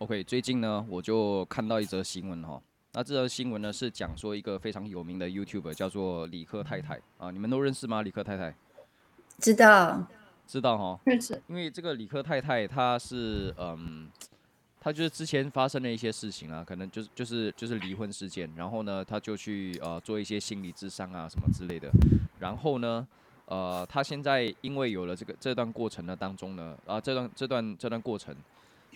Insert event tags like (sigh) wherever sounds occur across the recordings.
OK，最近呢，我就看到一則新聞哈。那這則新聞呢是講說一個非常有名的 YouTuber 叫做理科太太啊，你們都認識嗎？理科太太？知道，知道哈，認識。因為這個理科太太，她是嗯，她就是之前發生了一些事情啊，可能就是就是就是離婚事件，然後呢，她就去呃做一些心理諮商啊什麼之類的。然後呢，呃，她現在因為有了這個這段過程的當中呢，啊，這段這段這段過程。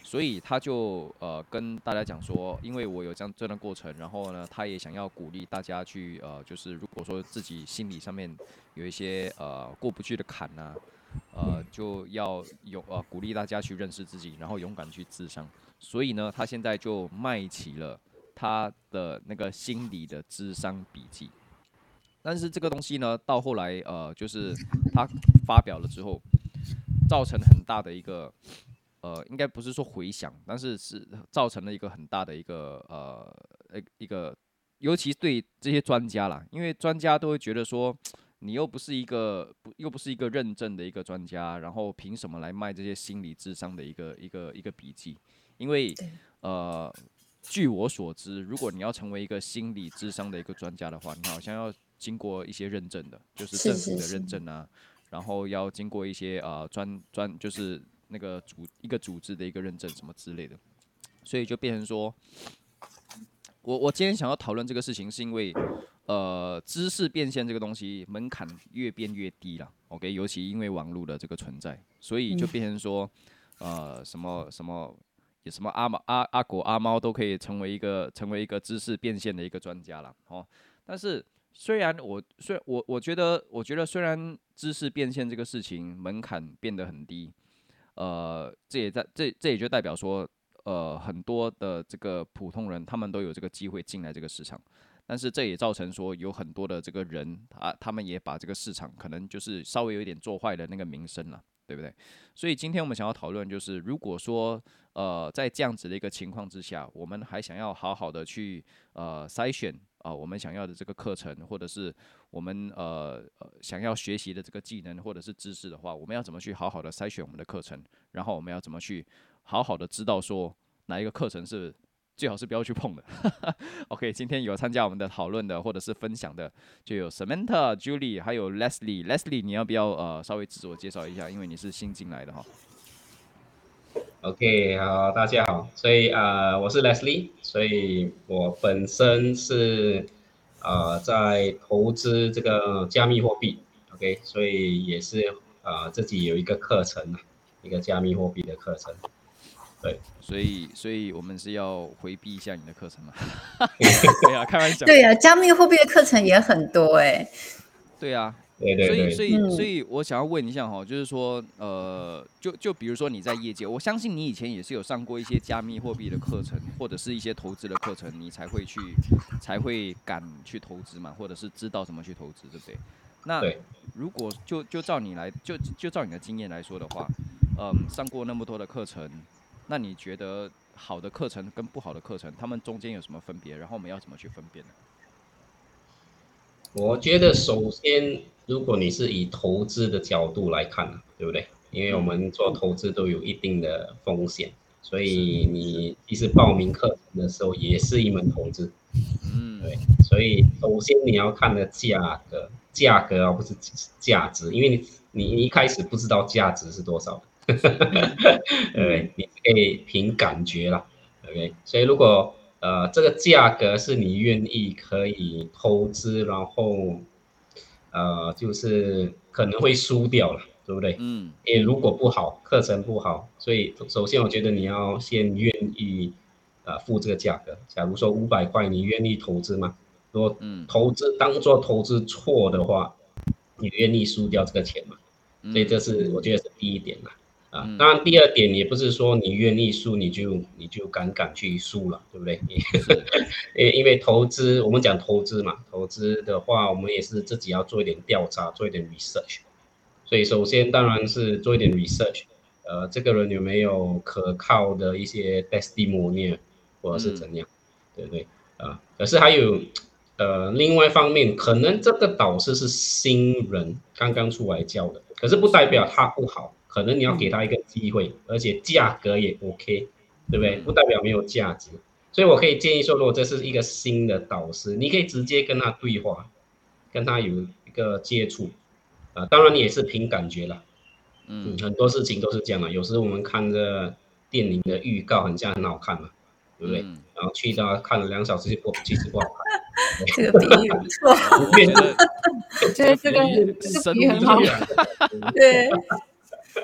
所以他就呃跟大家講說，因為我有這樣這段過程，然後呢，他也想要鼓勵大家去呃，就是如果說自己心理上面有一些呃過不去的坎呢、啊，呃，就要有呃鼓勵大家去認識自己，然後勇敢去諮商。所以呢，他現在就賣起了他的那個心理的諮商筆記。但是這個東西呢，到後來呃，就是他發表了之後，造成很大的一個。呃，應該不是說回想，但是是造成了一個很大的一個呃一個，尤其對這些專家啦。因為專家都會覺得說，你又不是一個不又不是一個認證的一個專家，然後憑什麼來賣這些心理諮商的一個一個一個筆記？因為呃，據我所知，如果你要成為一個心理諮商的一個專家的話，你好像要經過一些認證的，就是政府的認證啊，是是是是，然後要經過一些呃專專就是。那個組一個組織的一個認證什麼之類的，所以就變成說，我我今天想要討論這個事情，是因為，呃，知識變現這個東西門檻越變越低了。OK，尤其因為網絡的這個存在，所以就變成說，呃，什麼什麼，有什麼阿貓阿阿狗阿貓都可以成為一個成為一個知識變現的一個專家了。哦，但是雖然我雖然我我覺得我覺得雖然知識變現這個事情門檻變得很低。呃，這也在這這也就代表說，呃，很多的這個普通人，他們都有這個機會進來這個市場，但是這也造成說有很多的這個人啊，他們也把這個市場可能就是稍微有一點做壞的那個名聲了，對不對？所以今天我們想要討論就是，如果說呃，在這樣子的一個情況之下，我們還想要好好的去呃篩選。啊、呃，我們想要的這個課程，或者是我們呃呃想要學習的這個技能或者是知識的話，我們要怎麼去好好的篩選我們的課程？然後我們要怎麼去好好的知道說哪一個課程是最好是不要去碰的 (laughs) ？OK，今天有參加我們的討論的或者是分享的，就有 Samantha、Julie 還有 Leslie。Leslie，你要不要呃稍微自我介紹一下？因為你是新進來的哈。OK，好，大家好，所以啊、呃，我是 Leslie，所以我本身是啊、呃，在投資這個加密貨幣，OK，所以也是啊、呃、自己有一個課程，一個加密貨幣的課程，對，所以，所以我們是要回避一下你的課程嘛？ (laughs) 對啊，開玩笑。 (laughs) 對啊，加密貨幣的課程也很多誒、欸。對啊。對對對，所以，所以，所以我想要問一下哈，就是說，呃，就就比如說你在業界，我相信你以前也是有上過一些加密貨幣的課程，或者是一些投資的課程，你才會去，才會敢去投資嘛，或者是知道怎麼去投資，對不對？那，對，如果就就照你來，就就照你的經驗來說的話，嗯、呃，上過那麼多的課程，那你覺得好的課程跟不好的課程，他們中間有什麼分別？然後我們要怎麼去分辨呢？我覺得首先，如果你是以投資的角度來看呢，對不對？因為我們做投資都有一定的風險，所以你其實報名課程的時候也是一門投資。嗯，對。所以首先你要看的價格，價格而不是價值，因為你你一開始不知道價值是多少。 (laughs) 對，你可以憑感覺啦。OK，所以如果。呃，這個價格是你願意可以投資，然後，呃，就是可能會輸掉了，對不對？嗯，也如果不好，課程不好，所以首先我覺得你要先願意，呃，付這個價格。假如說五百塊，你願意投資嗎？如果投資當做投資錯的話，你願意輸掉這個錢嗎？所以這是我覺得是第一點啦。嗯嗯當然、啊、第二點也不是說你願意輸你就你就敢敢去輸了，對不對？ (laughs) 因為，因為投資我們講投資嘛，投資的話我們也是自己要做一點調查，做一點 research。所以首先當然是做一點 research，呃，這個人有沒有可靠的一些 testimony 或者是怎樣，嗯、對不對？啊，可是還有。呃，另外一方面，可能這個導師是新人，剛剛出來教的，可是不代表他不好，可能你要給他一個機會，嗯、而且價格也 OK，對不對？不代表沒有價值，嗯、所以我可以建議說，如果這是一個新的導師，你可以直接跟他對話，跟他有一個接觸，啊、呃，當然你也是憑感覺了，嗯，嗯，很多事情都是這樣的，有時候我們看着電影的預告很像很好看嘛，對不對？嗯、然後去到看了兩小時，不，其實不好看 (laughs) 得 (laughs) 這個比喻不錯，我覺得這個比喻很好， (laughs) 對，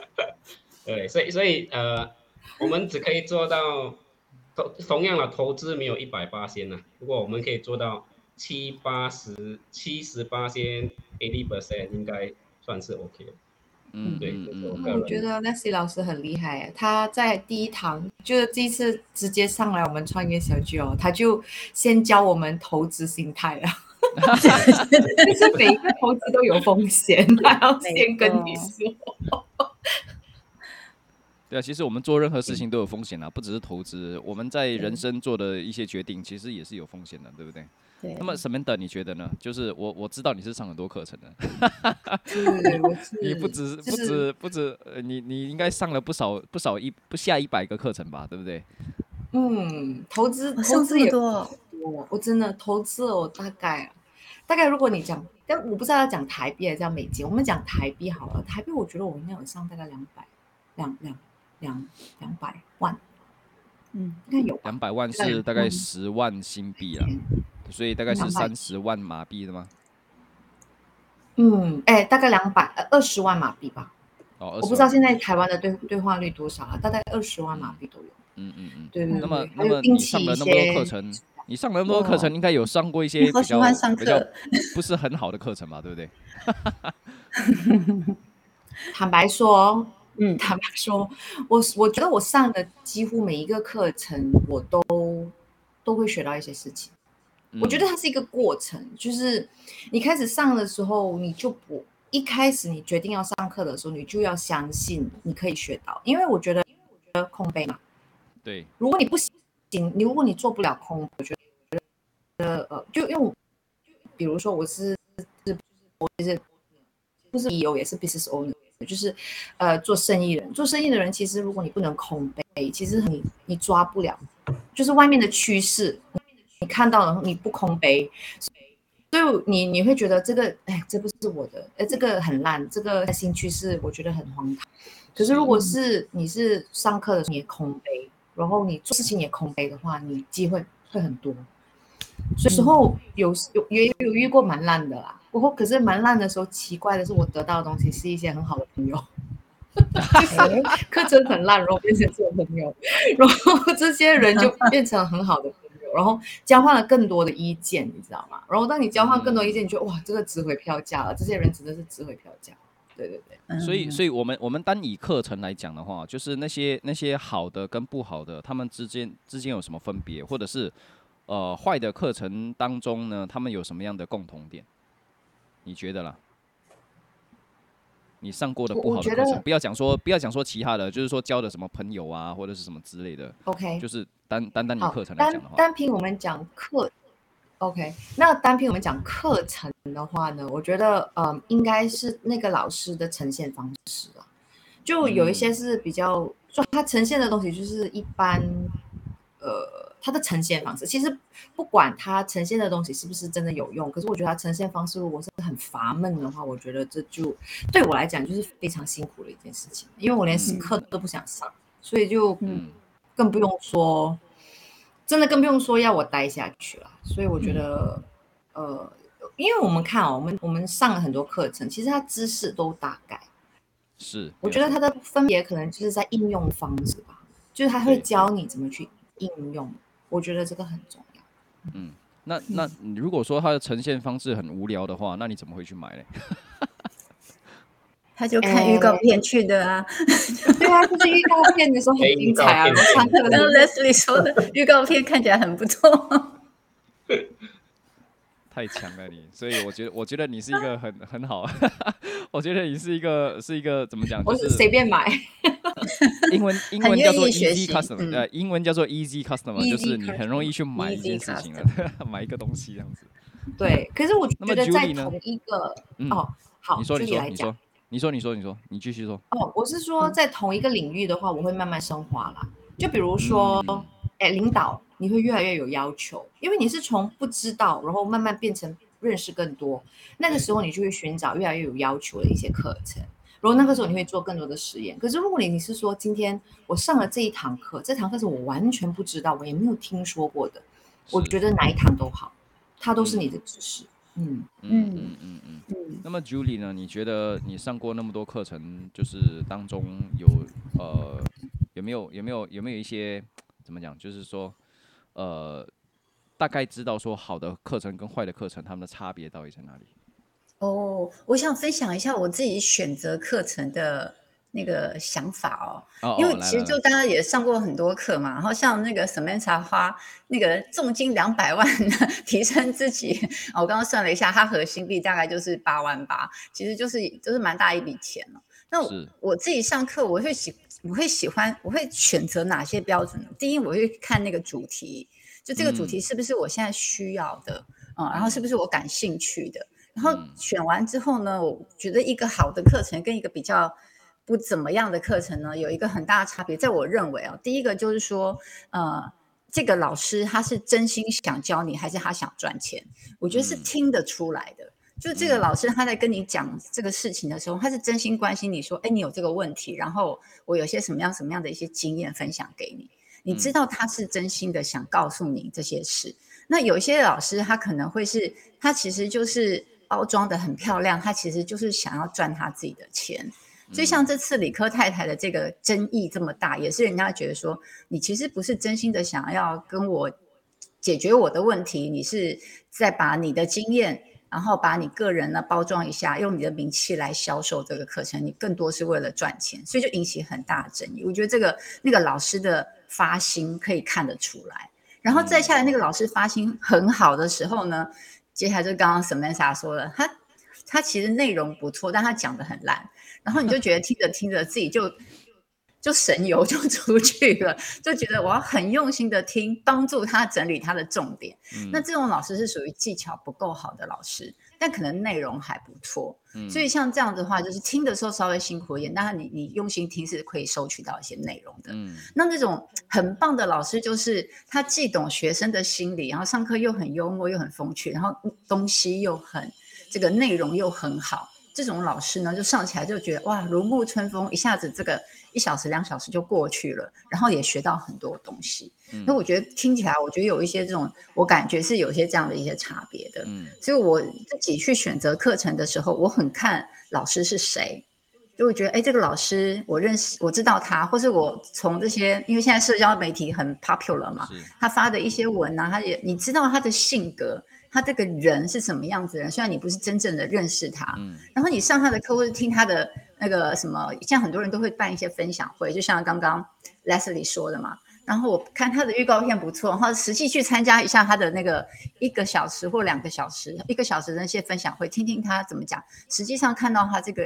(laughs) 對，所以，所以，呃，我們只可以做到同同樣的投資沒有一百巴仙呢，不、啊、過我們可以做到七八十七十八巴仙，eighty percent 應該算是 OK 嗯，對，我覺得那些 c 老師很厲害，他在第一堂，就是這一次直接上來我們創業小聚哦，他就先教我們投資心態了， (laughs) (laughs) 就是每一個投資都有風險，他要 (laughs) 先跟你說。個 (laughs) 對啊，其實我們做任何事情都有風險啊，不只是投資，我們在人生做的一些決定，其實也是有風險的，對不對？對那麼 Samantha，你覺得呢？就是我我知道你是上很多課程的， (laughs) 你不只，就是，不止不止你你應該上了不少不少一不下一百個課程吧，對不對？嗯，投資投資也多，我我真的投資了我大概大概如果你講，但我不知道要講台幣還是要美金，我們講台幣好了，台幣我覺得我應該有上大概 200, 兩百兩兩兩兩百萬。嗯，應該有兩百萬是大概十萬新幣啊。嗯、所以大概是三十萬馬幣的嗎？嗯，哎、欸，大概兩百呃二十萬馬幣吧。哦，我不知道現在台灣的兌兌換率多少啊，大概二十萬馬幣都有。嗯嗯嗯。嗯嗯對對對、嗯。那麼你上了那麼多課程，哦、你上了那麼多課程，應該有上過一些比較萬比較不是很好的課程吧？對不對？ (laughs) 坦白說。嗯，他們說，我我覺得我上的幾乎每一個課程，我都都會學到一些事情。嗯、我覺得它是一個過程，就是你開始上的時候，你就不一開始你決定要上課的時候，你就要相信你可以學到。因為我覺得，因為我覺得空杯嘛。對。如果你不行，你如果你做不了空，我覺得我覺得呃，就用，就比如說我是我是，我其實就是 CEO，不是 o, 也是 business owner。就是，呃，做生意人，做生意的人，其實如果你不能空杯，其實你你抓不了，就是外面的趨勢，你看到了，你不空杯，所以，所以你你會覺得這個，哎，這不是我的，哎，這個很爛，這個新趨勢我覺得很荒唐。可是如果是你是上課的時候，你也空杯，然後你做事情也空杯的話，你機會會很多。所以有時候有有也有，有遇過蠻爛的啦，不過可是蠻爛的時候，奇怪的是我得到的東西是一些很好的朋友。 (laughs) (laughs) 課程很爛，然後變成做朋友，然後這些人就變成很好的朋友，然後交換了更多的意見，你知道嗎？然後當你交換更多意見，你覺得哇，這個值回票價了。這些人真的是值回票價。對對對。所以，所以我們我們單以課程來講的話，就是那些那些好的跟不好的，他們之間之間有什麼分別，或者是？呃，壞的課程當中呢，他們有什麼樣的共同點？你覺得啦？你上過的不好的課程，不要講說，不要講說其他的，就是說交的什麼朋友啊，或者是什麼之類的。OK，就是單單單你課程來講的話，單憑我們講課，OK，那單憑我們講課程的話呢，我覺得，嗯、呃，應該是那個老師的呈現方式啊，就有一些是比較，就、嗯、他呈現的東西就是一般。呃，它的呈現方式其實，不管它呈現的東西是不是真的有用，可是我覺得它呈現方式如果是很乏悶的話，我覺得這就對我來講就是非常辛苦的一件事情，因為我連課都不想上，嗯、所以就嗯，更不用說、嗯、真的更不用說要我待下去了。所以我覺得、嗯、呃，因為我們看哦，我們我們上了很多課程，其實他知識都大概是，我覺得他的分別可能就是在應用方式吧，對就是他會教你怎麼去。應用，我覺得這個很重要。嗯，那那如果說它的呈現方式很無聊的話，那你怎麼會去買呢？ (laughs) 他就看預告片去的啊。欸、 (laughs) 對啊，就是預告片的時候很精彩、欸、啊。然後 Leslie 說的預告片看起來很不錯。 (laughs) (laughs) (laughs) 太強了你，所以我覺得，我覺得你是一個很很好， (laughs) (laughs) 我覺得你是一個是一個怎麼講？我、就是隨便買，英文英文叫做 easy customer 對，英文叫做 easy customer 就是你很容易去買一件事情了， (noise) (noise) 買一個東西這樣子。對，可是我覺得在同一個哦，好、 (laughs) 嗯，你說，你說，你說，你說，你說，你繼續說。哦，我是說在同一個領域的話，嗯、我會慢慢升華啦。就比如說，哎、嗯欸，領導。你會越來越有要求，因為你是從不知道，然後慢慢變成認識更多。那個時候，你就會尋找越來越有要求的一些課程。然後那個時候，你會做更多的實驗。可是，如果你你是說，今天我上了這一堂課，這堂課是我完全不知道，我也沒有聽說過的，是我覺得哪一堂都好，它都是你的知識。嗯嗯嗯嗯嗯。那麼，Julie 呢？你覺得你上過那麼多課程，就是當中有呃，有沒有有沒有有沒有一些怎麼講？就是說。呃，大概知道說好的課程跟壞的課程，他們的差別到底在哪裡？哦，oh, 我想分享一下我自己選擇課程的那個想法哦，oh, 因為其實就大家也上過很多課嘛，然後像那個什麼 Samantha 花，那個重金兩百萬提升自己，哦，我剛剛算了一下，它核心幣大概就是八萬八，其實就是就是蠻大一筆錢了，哦。那我，是我自己上課，我會喜。我會喜歡，我會選擇哪些標準呢？第一，我會看那個主題，就這個主題是不是我現在需要的啊、嗯嗯？然後是不是我感興趣的？然後選完之後呢，我覺得一個好的課程跟一個比較不怎麼樣的課程呢，有一個很大的差別。在我認為啊、哦，第一個就是說，呃，這個老師他是真心想教你，還是他想賺錢？我覺得是聽得出來的。嗯。就這個老師，他在跟你講這個事情的時候，嗯、他是真心關心你，說：“哎、欸，你有這個問題，然後我有些什麼樣什麼樣的一些經驗分享給你。”你知道他是真心的想告訴你這些事。嗯、那有一些老師，他可能會是，他其實就是包裝得很漂亮，他其實就是想要賺他自己的錢。嗯、所以像這次理科太太的這個爭議這麼大，也是人家覺得說，你其實不是真心的想要跟我解決我的問題，你是在把你的經驗。然後把你個人呢包裝一下，用你的名氣來銷售這個課程，你更多是為了賺錢，所以就引起很大爭議。我覺得這個那個老師的發心可以看得出來。然後再下來那個老師發心很好的時候呢，接下來就剛剛 Samantha 說了，他他其實內容不錯，但他講得很爛，然後你就覺得聽着聽着自己就。就神遊就出去了，就覺得我要很用心的聽，幫助他整理他的重點。嗯，那這種老師是屬於技巧不夠好的老師，但可能內容還不錯。嗯，所以像這樣的話，就是聽的時候稍微辛苦一點，但你你用心聽是可以收取到一些內容的。嗯，那那種很棒的老師，就是他既懂學生的心理，然後上課又很幽默又很風趣，然後東西又很這個內容又很好，這種老師呢就上起來就覺得哇，如沐春風，一下子這個。一小時、兩小時就過去了，然後也學到很多東西。那、嗯、我覺得聽起來，我覺得有一些這種，我感覺是有一些這樣的一些差別的。嗯、所以我自己去選擇課程的時候，我很看老師是誰，就會覺得哎，這個老師我認識，我知道他，或是我從這些，因為現在社交媒體很 popular 嘛，他發的一些文啊，他也，你知道他的性格。他這個人是什麼樣子的人？雖然你不是真正的認識他，嗯，然後你上他的課或者聽他的那個什麼，像很多人都會辦一些分享會，就像剛剛 Lusin 說的嘛。然後我看他的預告片不錯，然後實際去參加一下他的那個一個小時或兩個小時，一個小時的那些分享會，聽聽他怎麼講。實際上看到他這個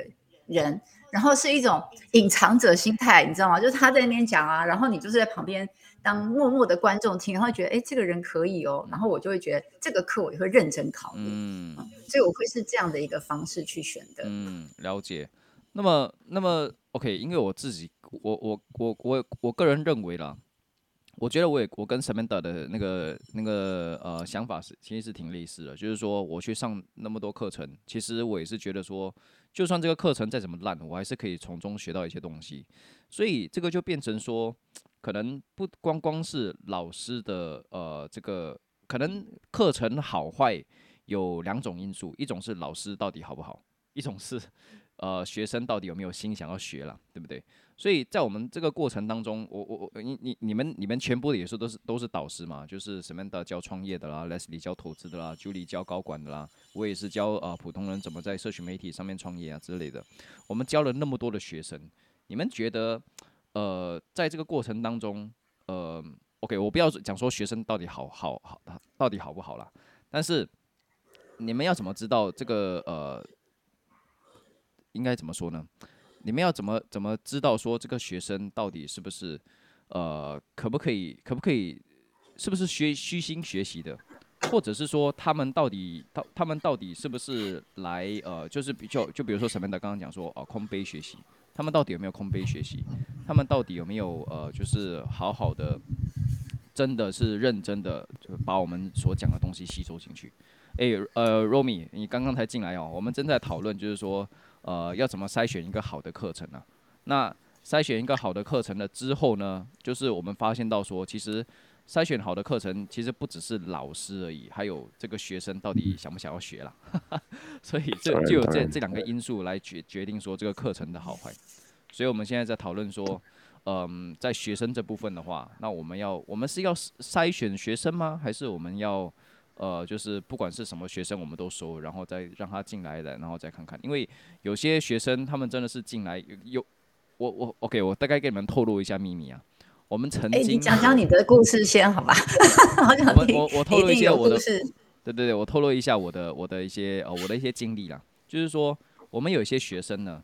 人，然後是一種隱藏者心態，你知道嗎？就是他在那邊講啊，然後你就是在旁邊。當默默的觀眾聽，然後覺得哎，這個人可以哦。然後我就會覺得這個課我也會認真考慮，嗯啊、所以我會是這樣的一個方式去選的。嗯，了解。那麼，那麼，OK，因為我自己，我我我我我個人認為啦，我覺得我也我跟 Samantha 的那個那個呃想法是其實是挺類似的，就是說我去上那麼多課程，其實我也是覺得說，就算這個課程再怎麼爛，我還是可以從中學到一些東西。所以這個就變成說，可能不光光是老師的呃，這個可能課程好壞有兩種因素，一種是老師到底好不好，一種是呃學生到底有沒有心想要學了，對不對？所以在我們這個過程當中，我我我你你你們你們全部的也是都是都是導師嘛，就是 Samantha 教創業的啦，Leslie 教投資的啦，Julie 教高管的啦，我也是教啊、呃、普通人怎麼在社群媒體上面創業啊之類的。我們教了那麼多的學生，你們覺得？呃，在這個過程當中，呃，OK，我不要講說學生到底好好好到底好不好啦，但是你們要怎麼知道這個呃，應該怎麼說呢？你們要怎麼怎麼知道說這個學生到底是不是呃可不可以可不可以是不是學虛心學習的，或者是說他們到底到他們到底是不是來呃就是比較就，就比如說什麼的，剛剛講說哦、呃、空杯學習。他們到底有沒有空杯學習？他們到底有沒有呃，就是好好的，真的是認真的，就把我們所講的東西吸收進去？誒、欸，呃，Romi，你剛剛才進來哦，我們正在討論，就是說，呃，要怎麼篩選一個好的課程呢，啊？那篩選一個好的課程了之後呢，就是我們發現到說，其實。篩選好的課程其實不只是老師而已，還有這個學生到底想不想要學了， (laughs) 所以這就，就有這這兩個因素來決決定說這個課程的好壞。所以我們現在在討論說，嗯、呃，在學生這部分的話，那我們要我們是要篩選學生嗎？還是我們要呃就是不管是什麼學生我們都收，然後再讓他進來的，然後再看看，因為有些學生他們真的是進來有，有我我 OK，我大概給你們透露一下秘密啊。我們曾經，哎，你講講你的故事先，好吧？好 (laughs) 我聽我，我，我透露一下我的對對對，我透露一下我的我的一些呃、哦、我的一些經歷啦。就是說，我們有一些學生呢，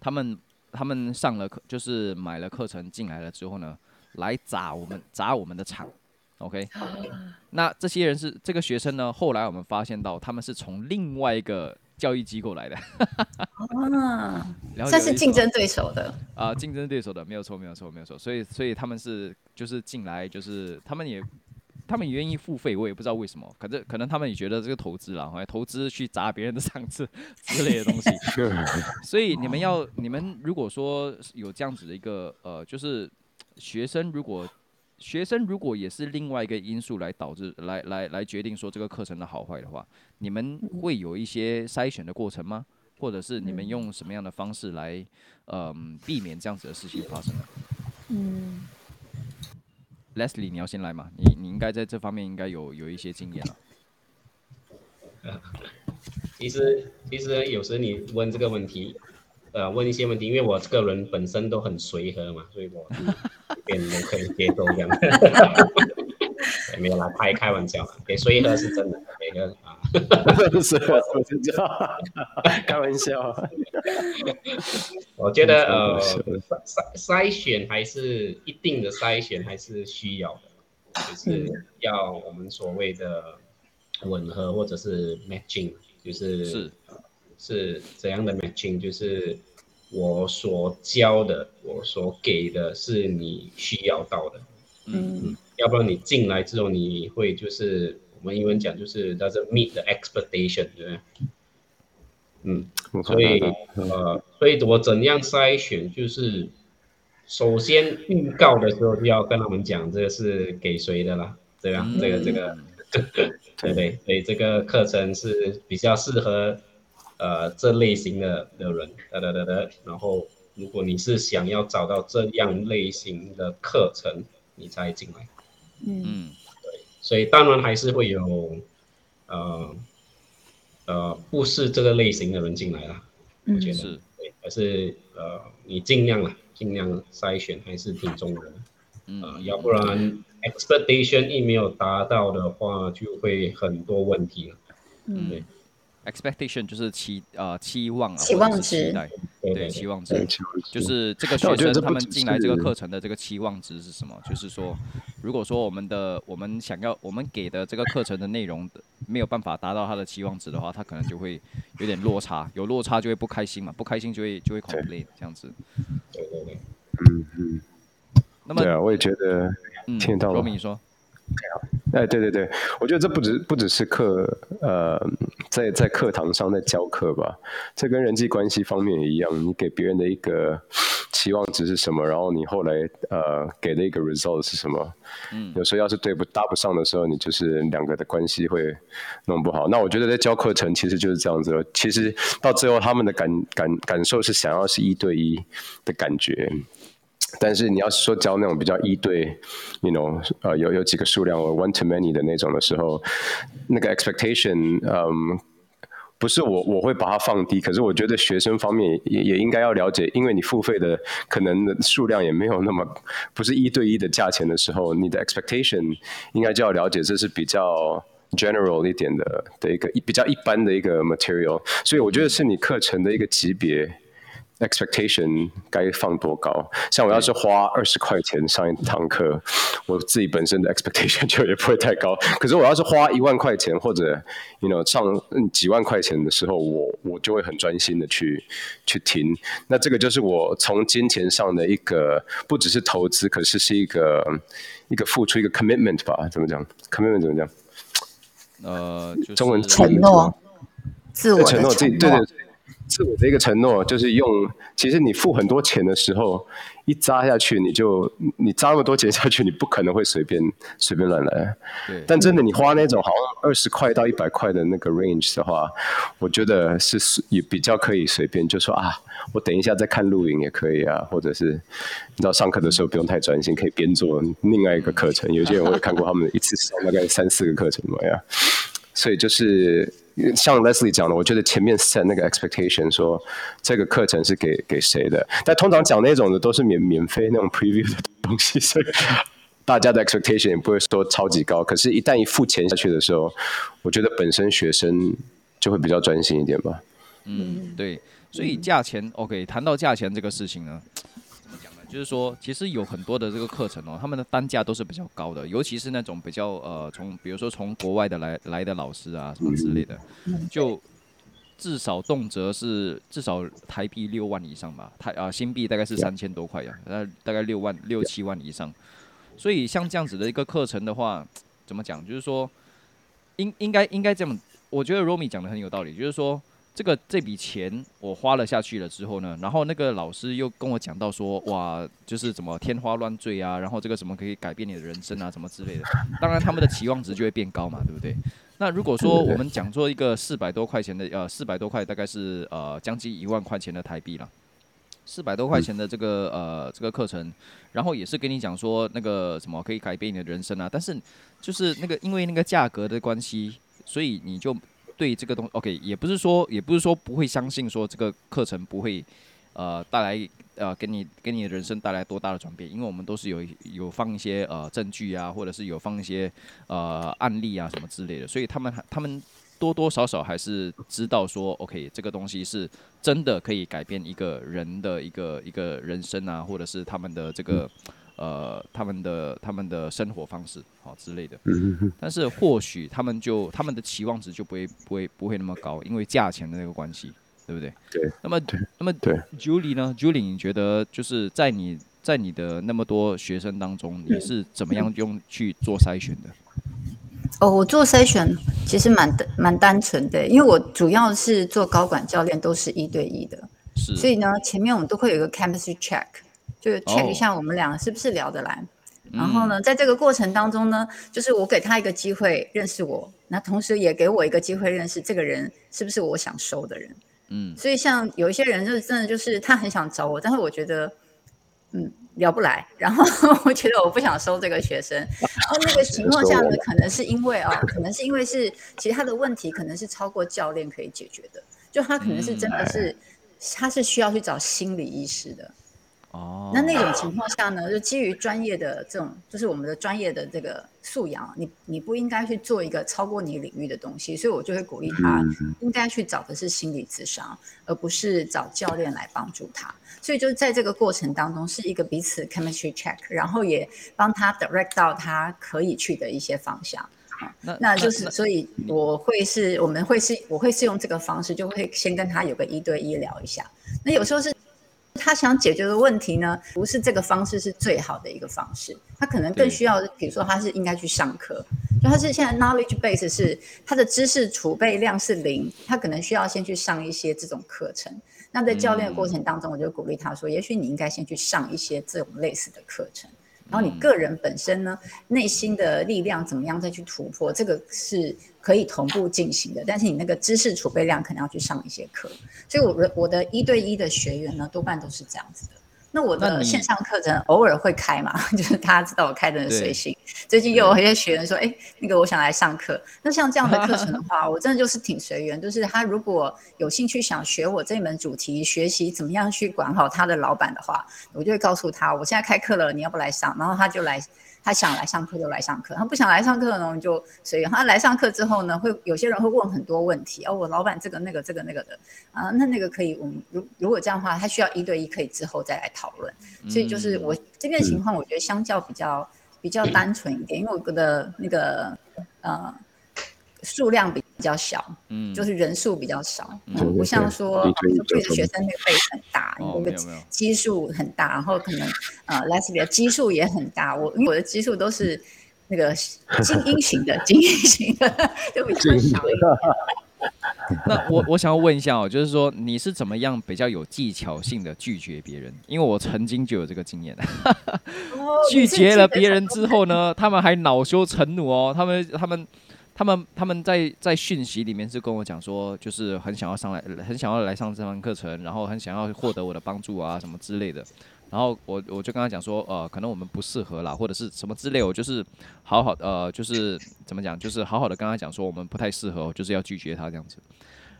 他們他們上了課，就是買了課程進來了之後呢，來砸我們砸我們的場，OK？ (laughs) 那這些人是這個學生呢，後來我們發現到他們是從另外一個。教育機構來的啊、哦， (laughs) 算是競爭對手的啊，競爭對手的沒有錯，沒有錯，沒有錯。所以，所以他們是就是進來，就是、就是、他們也他們也願意付費，我也不知道為什麼。可能可能他們也覺得這個投資了，投資去砸別人的場子 (laughs) 之類的東西。 (laughs) (laughs) 所以你們要，你們如果說有這樣子的一個呃，就是學生如果。學生如果也是另外一個因素來導致、來、來、來決定說這個課程的好壞的話，你們會有一些篩選的過程嗎？或者是你們用什麼樣的方式來，嗯，避免這樣子的事情發生呢？嗯，Leslie，你要先來嘛？你你應該在這方面應該有有一些經驗了、啊。其實其實有時你問這個問題，呃，問一些問題，因為我個人本身都很隨和嘛，所以我。 (laughs) 變都可以接多一樣， (laughs) (laughs) 沒有啦，他開玩笑，所以呢，是真的，給啊，開玩笑，開玩笑 okay。 (laughs) 我覺得 (laughs) 呃，篩篩是選還是一定的篩選還是需要的，就是要我們所謂的吻合或者是 matching，就是是、呃、是怎樣的 matching，就是。我所教的，我所給的是你需要到的，嗯，嗯，要不然你進來之後你會就是我們英文講就是叫做 meet the expectation，對，嗯，所以、嗯、呃，所以我怎樣篩選，就是首先預告的時候就要跟他們講這個是給誰的啦，對吧、啊嗯，這個，這個這個，對不對，對，所以這個課程是比較適合。呃，這類型的的人打打打打，然後如果你是想要找到這樣類型的課程，你才進來。嗯，對，所以當然還是會有，呃，呃，不是這個類型的人進來了，我覺得，嗯、是對還是呃，你盡量啊，盡量篩選還是挺重要的。嗯、呃，要不然 expectation 一沒有達到的話，就會很多問題了，嗯。對 expectation 就是期呃期望啊，期望值，對，期望值，就是這個學生他們進來這個課程的這個期望值是什麼？就是說，如果說我們的我們想要我們給的這個課程的內容沒有辦法達到他的期望值的話，他可能就會有點落差，有落差就會不開心嘛，不開心就會就會 complain< 對>這樣子。對對對，嗯嗯。那麼對啊，我也覺得嗯羅敏、嗯、說。Okay. 哎，對對對，我覺得這不只不只是課，呃，在在課堂上在教課吧，這跟人際關係方面也一樣，你給別人的一個期望值是什麼，然後你後來呃給的一個 result 是什麼，嗯，有時候要是對不搭不上的時候，你就是兩個的關係會弄不好。那我覺得在教課程其實就是這樣子，其實到最後他們的感感感受是想要是一對一的感覺。但是你要是說教那種比較一對，you know，呃，有有幾個數量，one to many 的那種的時候，那個 expectation，嗯，um，不是我我會把它放低，可是我覺得學生方面也也應該要了解，因為你付費的可能的數量也沒有那麼，不是一對一的價錢的時候，你的 expectation 應該就要了解這是比較 general 一點的的一個比較一般的一個 material，所以我覺得是你課程的一個級別。Expectation 該放多高？像我要是花二十塊錢上一堂課，嗯、我自己本身的 expectation 就也不會太高。可是我要是花一萬塊錢或者，你 you know 上幾萬塊錢的時候，我我就會很專心的去去聽。那這個就是我從金錢上的一個，不只是投資，可是是一個一個付出一個 commitment 吧？怎麼講？commitment 怎麼講？呃，就是、中文承諾，自我承諾對自己。對對。是我的一個承諾，就是用。其實你付很多錢的時候，一扎下去，你就你扎那麼多錢下去，你不可能會隨便隨便亂來。對。但真的，你花那種好像二十塊到一百塊的那個 range 的話，我覺得是也比較可以隨便。就說啊，我等一下再看錄影也可以啊，或者是你知道上課的時候不用太專心，可以邊做另外一個課程。有些人我也看過，他們一次上大概三四個課程，怎麼樣？所以就是。像 Leslie 講的，我覺得前面 set 那個 expectation 說這個課程是給給誰的，但通常講那種的都是免免費那種 preview 的東西，所以大家的 expectation 也不會說超級高。可是，一旦一付錢下去的時候，我覺得本身學生就會比較專心一點吧。嗯，對，所以價錢，嗯，OK，談到價錢這個事情呢。就是說，其實有很多的這個課程哦，他們的單價都是比較高的，尤其是那種比較呃，從比如說從國外的來來的老師啊什麼之類的，就至少動輒是至少台幣六萬以上吧，台啊新幣大概是三千多塊呀，那大概六萬六七萬以上。所以像這樣子的一個課程的話，怎麼講？就是說，應應該應該這麼，我覺得 Romy 講的很有道理，就是說。這個這筆錢我花了下去了之後呢，然後那個老師又跟我講到說，哇，就是怎麼天花亂墜啊，然後這個什麼可以改變你的人生啊，什麼之類的，當然他們的期望值就會變高嘛，對不對？那如果說我們講做一個四百多塊錢的，呃，四百多塊大概是呃將近一萬塊錢的台幣了，四百多塊錢的這個呃這個課程，然後也是跟你講說那個什麼可以改變你的人生啊，但是就是那個因為那個價格的關係，所以你就。對這個東，OK，也不是說也不是說不會相信說這個課程不會，呃，帶來呃給你給你的人生帶來多大的轉變，因為我們都是有有放一些呃證據啊，或者是有放一些呃案例啊什麼之類的，所以他們他們多多少少還是知道說 OK 這個東西是真的可以改變一個人的一個一個人生啊，或者是他們的這個。呃，他們的他們的生活方式好、啊、之類的，但是或許他們就他們的期望值就不會不會不會那麼高，因為價錢的那個關係，對不對？對。那麼，對，那麼，對。Julie 呢？Julie，你覺得就是在你在你的那麼多學生當中，你是怎麼樣用去做篩選的？哦，我做篩選其實蠻單蠻單純的，因為我主要是做高管教練，都是一對一的，是。所以呢，前面我們都會有一個 chemistry check。就 check 一下我們倆是不是聊得來，oh, 然後呢，嗯、在這個過程當中呢，就是我給他一個機會認識我，那同時也給我一個機會認識這個人是不是我想收的人。嗯，所以像有一些人就是真的就是他很想找我，但是我覺得，嗯，聊不來，然後 (laughs) 我覺得我不想收這個學生。然後那個情況下呢，可能是因為啊、哦， (laughs) 可能是因為是其他的問題，可能是超過教練可以解決的，就他可能是真的是，嗯、他是需要去找心理醫師的。哦，oh. 那那種情況下呢，就基於專業的這種，就是我們的專業的這個素養，你你不應該去做一個超過你領域的東西，所以我就會鼓勵他應該去找的是心理諮商，mm hmm. 而不是找教練來幫助他。所以就在這個過程當中，是一個彼此 chemistry check，然後也幫他 direct 到他可以去的一些方向。那、mm hmm. 那就是，所以我會是，我們會是，我會是用這個方式，就會先跟他有個一對一聊一下。那有時候是。他想解決的問題呢，不是這個方式是最好的一個方式，他可能更需要，對比如說他是應該去上課，就他是現在 knowledge base 是、嗯、他的知識儲備量是零，他可能需要先去上一些這種課程。那在教練的過程當中，我就鼓勵他說，嗯、也許你應該先去上一些這種類似的課程。然後你個人本身呢，內心的力量怎麼樣再去突破？這個是可以同步進行的，但是你那個知識儲備量可能要去上一些課，所以我的我的一對一的學員呢，多半都是這樣子的。那我的線上課程偶爾會開嘛，你 (laughs) 就是大家知道我開的很隨性。最近又有一些學員說，哎、嗯、欸，那個我想來上課。那像這樣的課程的話，啊、我真的就是挺隨緣，就是他如果有興趣想學我這門主題，學習怎麼樣去管好他的老板的話，我就會告訴他，我現在開課了，你要不來上。然後他就來，他想來上課就來上課，他不想來上課呢就隨緣。他來上課之後呢，會有些人會問很多問題，啊、哦，我老板這個那個這個那個的啊，那那個可以，我們如如果這樣的話，他需要一對一可以之後再來討論。所以就是我、嗯、這邊的情況，我覺得相較比較。比較單純一點，因為我的那個呃數量比較小，嗯，就是人數比較少，嗯，不像說對的學生那輩很大，那個、哦、基數很大，然後可能呃 Lesbian 基數也很大，我因為我的基數都是那個精英型的，精英 (laughs) 型的就比較少一點。 (laughs) (laughs) 那我我想要問一下哦，就是說你是怎麼樣比較有技巧性的拒絕別人？因為我曾經就有這個經驗， (laughs) 拒絕了別人之後呢，他們還惱羞成怒哦，他們他們他們他們在在訊息裡面是跟我講說，就是很想要上來，很想要來上這門課程，然後很想要獲得我的幫助啊什麼之類的。然後我我就跟他講說，呃，可能我們不適合啦，或者是什麼之類。我就是好好呃，就是怎麼講，就是好好的跟他講說我們不太適合，就是要拒絕他這樣子。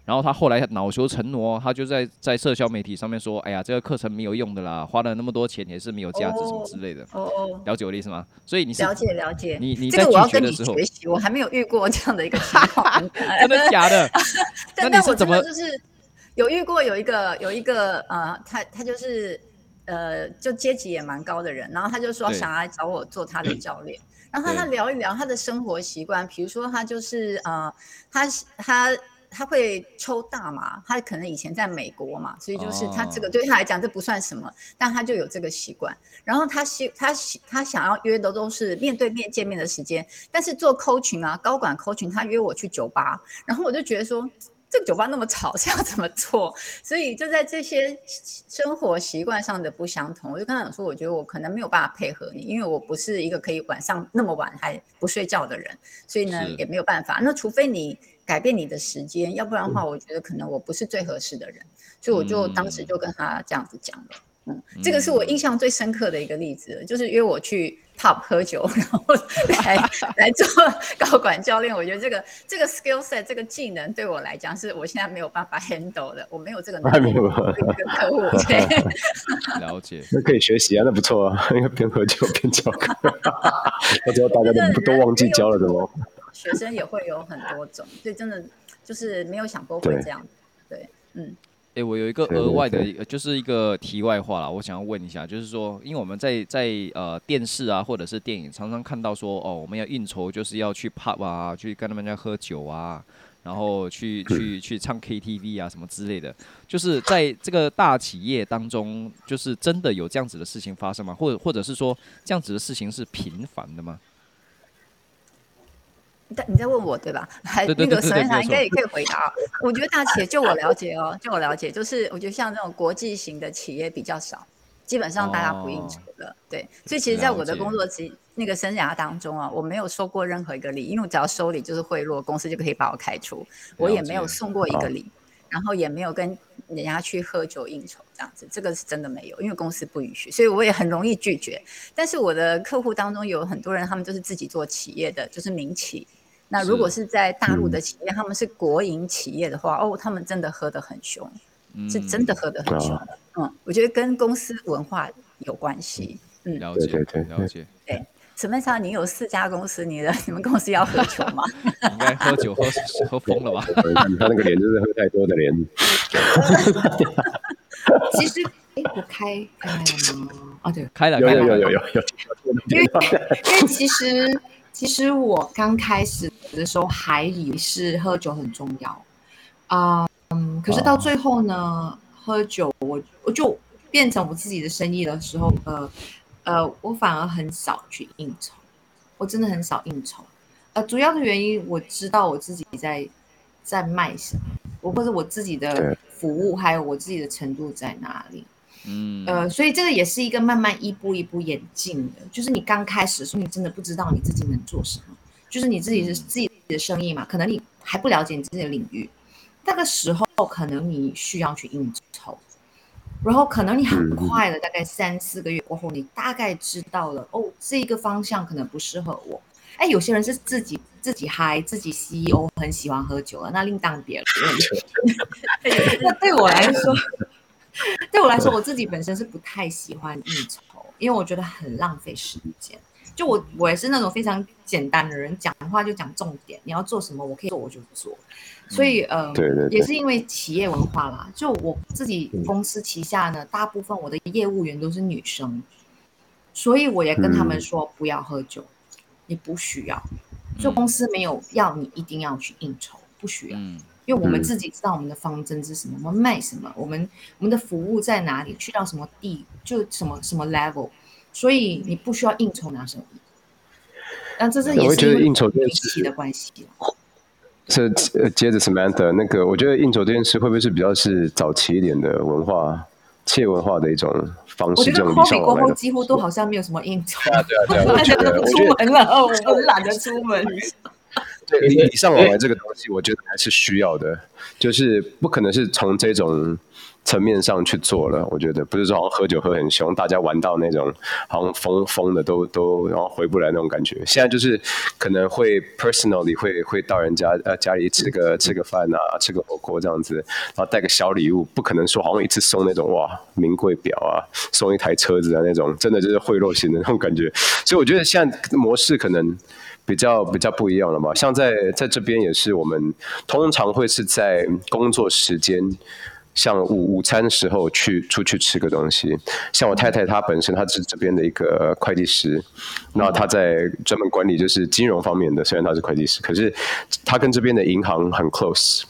然後他後來惱羞成怒，他就在在社交媒體上面說，哎呀，這個課程沒有用的啦，花了那麼多錢也是沒有價值什麼之類的。哦哦，了解我的意思嗎？所以你了解了解。了解你你在拒絕的時候，學習我還沒有遇過這樣的一個情 (laughs) (laughs) (laughs) 真的 (laughs) 假的？ (laughs) 但那你是怎麼就是有遇過有一個有一個呃，他他就是。呃，就階級也蠻高的人，然後他就說想來找我做他的教練，對然後他聊一聊他的生活習慣，對比如說他就是呃，他他他,他會抽大麻，他可能以前在美國嘛，所以就是他這個、啊、對他來講這不算什麼，但他就有這個習慣，然後他希他他想要約的都是面對面見面的時間，但是做 coaching 啊，高管 coaching，他約我去酒吧，然後我就覺得說。這個酒吧那麼吵，是要怎麼做？所以就在這些生活習慣上的不相同，我就跟他講說，我覺得我可能沒有辦法配合你，因為我不是一個可以晚上那麼晚還不睡覺的人，所以呢是也沒有辦法。那除非你改變你的時間，要不然的話，我覺得可能我不是最合適的人，嗯、所以我就當時就跟他這樣子講了。這個是我印象最深刻的一個例子，就是約我去 pub 喝酒，然後來來做高管教練。我覺得這個這個 skill set 這個技能對我來講，是我現在沒有辦法 handle 的，我沒有這個能力。沒有，沒有。一個客戶，對，了解。那可以學習啊，那不錯啊，應該邊喝酒邊教課，那只要大家都都忘記教了，怎麼？學生也會有很多種，所以真的就是沒有想過會這樣，對，嗯。誒，我有一個額外的，就是一個題外話啦。我想要問一下，就是說，因為我們在在呃電視啊，或者是電影，常常看到說，哦，我們要應酬，就是要去 pub 啊，去跟他們家喝酒啊，然後去對去去唱 KTV 啊，什麼之類的。就是在這個大企業當中，就是真的有這樣子的事情發生嗎？或者或者是說，這樣子的事情是頻繁的嗎？你在問我對吧？那個沈院長應該也可以回答說我覺得大企業，就我了解哦， (laughs) 就我了解，就是我覺得像那種國際型的企業比較少，基本上大家不應酬的。哦、對，所以其實，在我的工作解那個生涯當中啊，我沒有收過任何一個禮，因為我只要收禮就是賄賂，公司就可以把我開除。我也沒有送過一個禮，解然後也沒有跟人家去喝酒應酬，這樣子，這個是真的沒有，因為公司不允許，所以我也很容易拒絕。但是我的客戶當中有很多人，他們都是自己做企業的，就是民企。那如果是在大陸的企業，他們是國營企業的話，哦，他們真的喝得很凶，是真的喝得很凶的。嗯，我覺得跟公司文化有關係。嗯，了解，對對，了解。對，什麼時候你有四家公司，你的你們公司要喝酒嗎？應該喝酒喝喝瘋了吧？他那個臉就是喝太多的臉。其實，哎，我開，啊對，開了，有有有有有有。因為因為其實。其實我剛開始的時候還以為是喝酒很重要，啊，嗯，可是到最後呢，Oh. 喝酒，我我就變成我自己的生意的時候，呃，呃，我反而很少去應酬，我真的很少應酬，呃，主要的原因，我知道我自己在在賣什麼，我或者我自己的服務還有我自己的程度在哪裡。嗯，呃，所以這個也是一個慢慢一步一步演進的，就是你剛開始說，你真的不知道你自己能做什麼，就是你自己是、嗯、自己的生意嘛，可能你還不了解你自己的領域，那個時候可能你需要去應酬，然後可能你很快的，嗯、大概三四個月過後，你大概知道了哦，這一個方向可能不適合我，哎，有些人是自己自己嗨，自己 CEO 很喜歡喝酒了，啊，那另當別論， (laughs) (laughs) (laughs) 那對我來說。 (laughs) 對我來說，我自己本身是不太喜歡應酬， (laughs) 因為我覺得很浪費時間。就我，我也是那種非常簡單的人，講話就講重點。你要做什麼，我可以做，我就做。嗯、所以，呃，對對對也是因為企業文化啦。就我自己公司旗下呢，嗯、大部分我的業務員都是女生，所以我也跟他們說不要喝酒，嗯、你不需要。就公司沒有要你一定要去應酬，不需要。嗯因為我們自己知道我們的方針是什麼，我們、嗯、賣什麼，我們我們的服務在哪裡，去到什麼地，就什麼什麼 level，所以你不需要應酬拿什麼。但、啊、這也是也因為疫情的關係。是呃，接着 Samantha 那個，我覺得應酬這件事會不會是比較是早期一點的文化，切文化的一種方式？我覺得 Covid 過後幾乎都好像沒有什麼應酬、 (laughs) 啊，大家都不出門了，我們懶得，得， (laughs) 得出門。 (laughs) 禮尚往來這個東西，我覺得還是需要的，就是不可能是從這種層面上去做了。我覺得不是說好像喝酒喝很凶，大家玩到那種好像瘋瘋的都都，然後回不來那種感覺。現在就是可能會 personally 會會到人家呃家裡吃個吃個飯啊，吃個火鍋這樣子，然後帶個小禮物，不可能說好像一次送那種哇名貴表啊，送一台車子啊那種，真的就是賄賂型的那種感覺。所以我覺得現在模式可能。比較比較不一樣了嘛，像在在這邊也是我們通常會是在工作時間，像午午餐時候去出去吃個東西。像我太太她本身她是這邊的一個會計師，然後她在專門管理就是金融方面的，雖然她是會計師，可是她跟這邊的銀行很 close。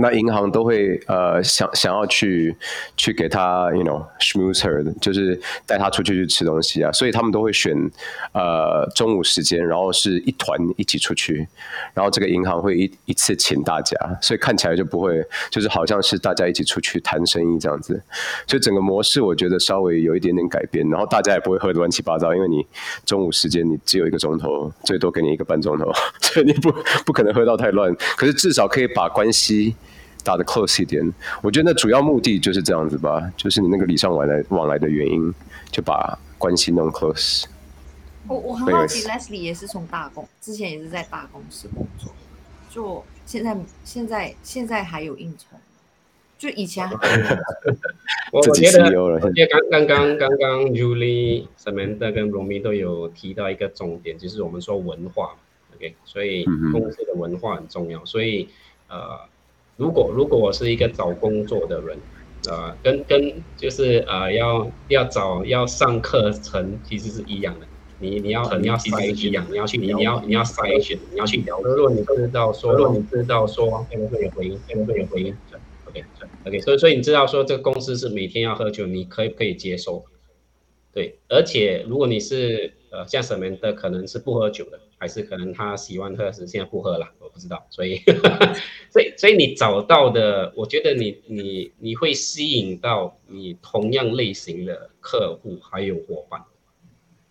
那銀行都會呃想想要去去給他，you know, schmoozer, 就是帶他出去去吃東西啊，所以他們都會選呃中午時間，然後是一團一起出去，然後這個銀行會一一次請大家，所以看起來就不會就是好像是大家一起出去談生意這樣子，所以整個模式我覺得稍微有一點點改變，然後大家也不會喝得亂七八糟，因為你中午時間你只有一個鐘頭，最多給你一個半鐘頭，所以你不不可能喝到太亂，可是至少可以把關係。打得 close 一點，我覺得那主要目的就是這樣子吧，就是你那個禮尚往來往來的原因，就把關係弄 close。我我很好奇 (noise) ，Leslie 也是從大公，之前也是在大公司工作，就現在現在現在還有應酬，就以前很。 (laughs) 我覺得，也剛剛剛剛剛，剛剛 Julie、Samantha 跟 Romi 都有提到一個重點，就是我們說文化，OK，所以公司的文化很重要，嗯、哼所以呃。如果如果我是一個找工作的人，啊、呃，跟跟就是啊、呃，要要找要上課程，其實是一樣的。你你要你要篩選，你要去你要你要篩選，你要去了解。如果你知道說，如果你知道說，會不嗎會有回音？會不會有回音？OK OK，所以所以你知道說，這個公司是每天要喝酒，你可以可以接受。對，而且如果你是。呃，像 Samantha 的可能是不喝酒的，還是可能他喜歡喝，是現在不喝了，我不知道。所以， (laughs) 所以，所以你找到的，我覺得你你你會吸引到你同樣類型的客戶還有夥伴。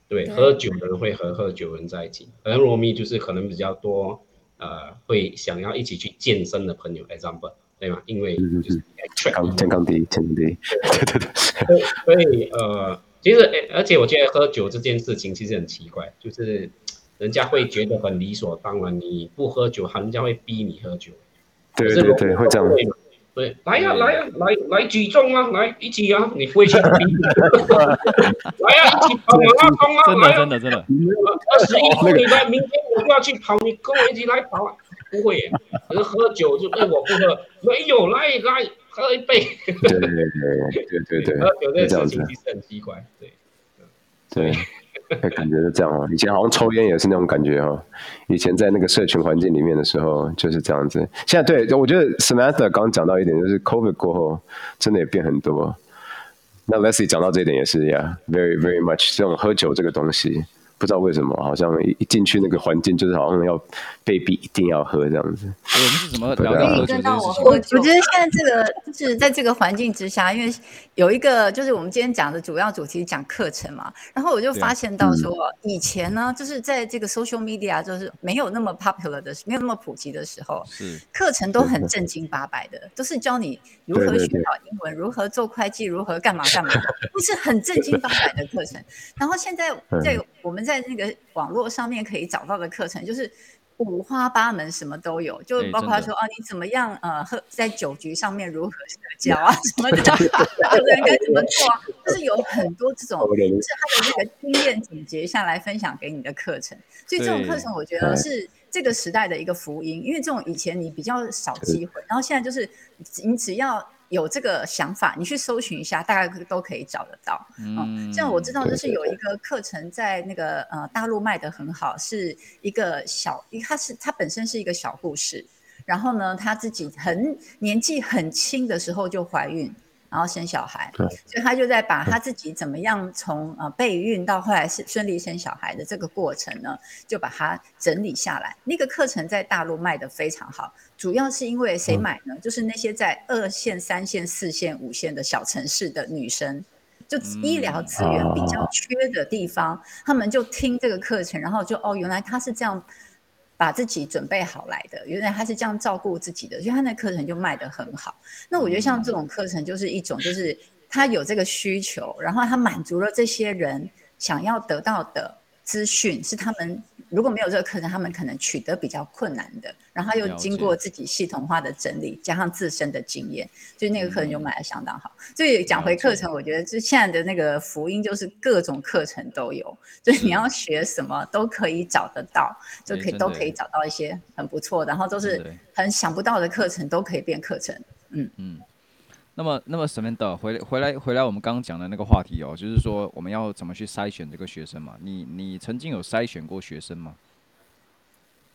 對，對喝酒的人會和喝酒人在一起。而 Romy 就是可能比較多，呃，會想要一起去健身的朋友，example，對嗎？因為就是 (laughs) 對，對對對，健康健康的，健康的，對對對。所以，所以，呃。其實，而且我覺得喝酒這件事情其實很奇怪，就是人家會覺得很理所當然，你不喝酒，人家會逼你喝酒。對對對，會這樣。對，來呀來呀來來舉重啊，來一起啊！你不會去逼我？來呀一起跑馬拉松啊！真的真的真的，二十一公里的，明天我就要去跑，你跟我一起來跑啊。不會，可是喝酒就對我不喝， (laughs) 沒有來來喝一杯。對對對對對對，對對對對喝酒對，對，對，對，對，對，對對感覺是這樣啊。以前好像抽煙也是那種感覺哦、啊，以前在那個社群環境裡面的時候就是這樣子。現在對我覺得 Samantha 剛，剛講到一點，就是 COVID 過後真的也變很多。那 Leslie 講到這一點也是呀、yeah，very very much 這種喝酒這個東西。不知道為什麼，好像一進去那個環境就是好像要被逼一定要喝這樣子。啊啊、我是什麼？我我我覺得現在這個就 (laughs) 是在這個環境之下，因為有一個就是我們今天講的主要主題講課程嘛，然後我就發現到說以前呢，就是在這個 social media 就是沒有那麼 popular 的，沒有那麼普及的時候，課是程都很正經八百的，對對對都是教你如何學好英文，對對對如何做會計，如何幹嘛幹嘛的，不是很正經八百的課程。 (laughs) 然後現在在我們在。嗯在那個網絡上面可以找到的課程，就是五花八門，什麼都有，就包括說、欸、啊，你怎麼樣呃，喝在酒局上面如何社交啊， (laughs) 什麼的。往的人該怎麼做啊，就是有很多這種，就 (laughs) 是他的那個經驗總結下來分享給你的課程。對所以這種課程我覺得是這個時代的一個福音，對因為這種以前你比較少機會，對然後現在就是你只要。有這個想法，你去搜尋一下，大概都可以找得到。嗯，像我知道，就是有一個課程在那個對對對呃大陸賣得很好，是一個小，一它是它本身是一個小故事，然後呢，她自己很年紀很輕的時候就懷孕。然後生小孩。對所以他就在把他自己怎麼樣從呃備孕到後來是順利生小孩的這個過程呢，就把它整理下來。那個課程在大陸賣得非常好，主要是因為誰買呢？嗯、就是那些在二線、三線、四線、五線的小城市的女生，就醫療資源比較缺的地方，嗯、他們就聽這個課程，嗯、然後就哦，原來她是這樣。把自己準備好來的，原來他是這樣照顧自己的，所以他那課程就賣得很好。那我覺得像這種課程就是一種，嗯、就是他有這個需求，然後他滿足了這些人想要得到的資訊，是他們。如果沒有這個課程，他們可能取得比較困難的。然後又經過自己系統化的整理，解加上自身的經驗，所以那個課程就賣得相當好。嗯哦、所以講回課程，解我覺得就現在的那個福音就是各種課程都有，解就是你要學什麼都可以找得到，嗯、就可以對都可以找到一些很不錯的，對然後都是很想不到的課程都可以變課程。嗯對嗯。嗯那麼，那麼 Samantha，回回來回來，回來我們剛剛講的那個話題哦，就是說我們要怎麼去篩選這個學生嘛？你你曾經有篩選過學生嗎？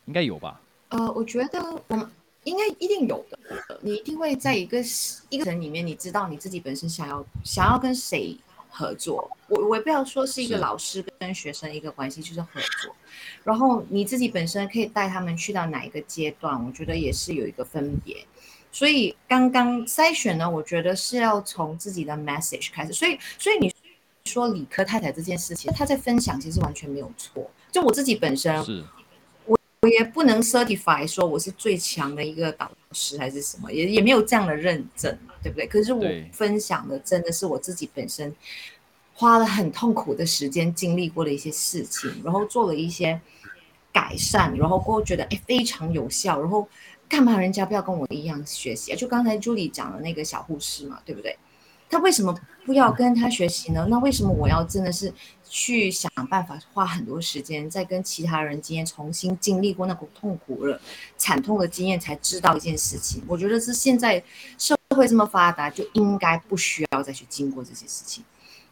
應該有吧？呃，我覺得我們、嗯、應該一定有的，你一定會在一個一個人裡面，你知道你自己本身想要想要跟誰合作，我我也不要說是一個老師跟學生一個關係，就是合作，然後你自己本身可以帶他們去到哪一個階段，我覺得也是有一個分別。所以剛剛篩選呢，我覺得是要從自己的 message 開始。所以，所以你說理科太太這件事情，她在分享其實完全沒有錯。就我自己本身，是我我也不能 certify 說我是最強的一個導師還是什麼，也也沒有這樣的認證，對不對？可是我分享的真的是我自己本身花了很痛苦的時間經歷過的一些事情，然後做了一些改善，然後我覺得哎非常有效，然後。幹嘛人家不要跟我一樣學習啊？就剛才 Julie 講的那個小護士嘛，對不對？他為什麼不要跟他學習呢？那為什麼我要真的是去想辦法花很多時間，再跟其他人經驗重新經歷過那個痛苦了、慘痛的經驗，才知道一件事情？我覺得是現在社會這麼發達，就應該不需要再去經過這些事情，